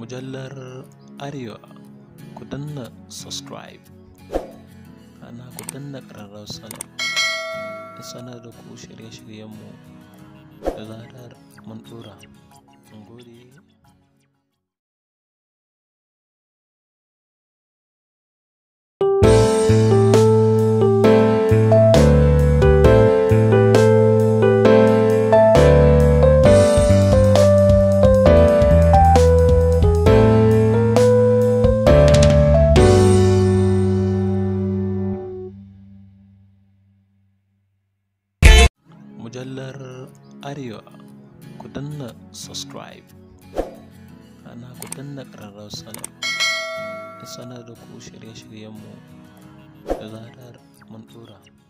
mujallar Arewa ku danna subscribe ana ku danna ƙararrawar sanar da sanar da ku shirye-shiryenmu da zarar mun ɗora. mun mujallar Arewa ku danna subscribe ana ku danna ƙararrawar sanarwa da sanar da ku shirye-shiryenmu da zarar mun ɗora.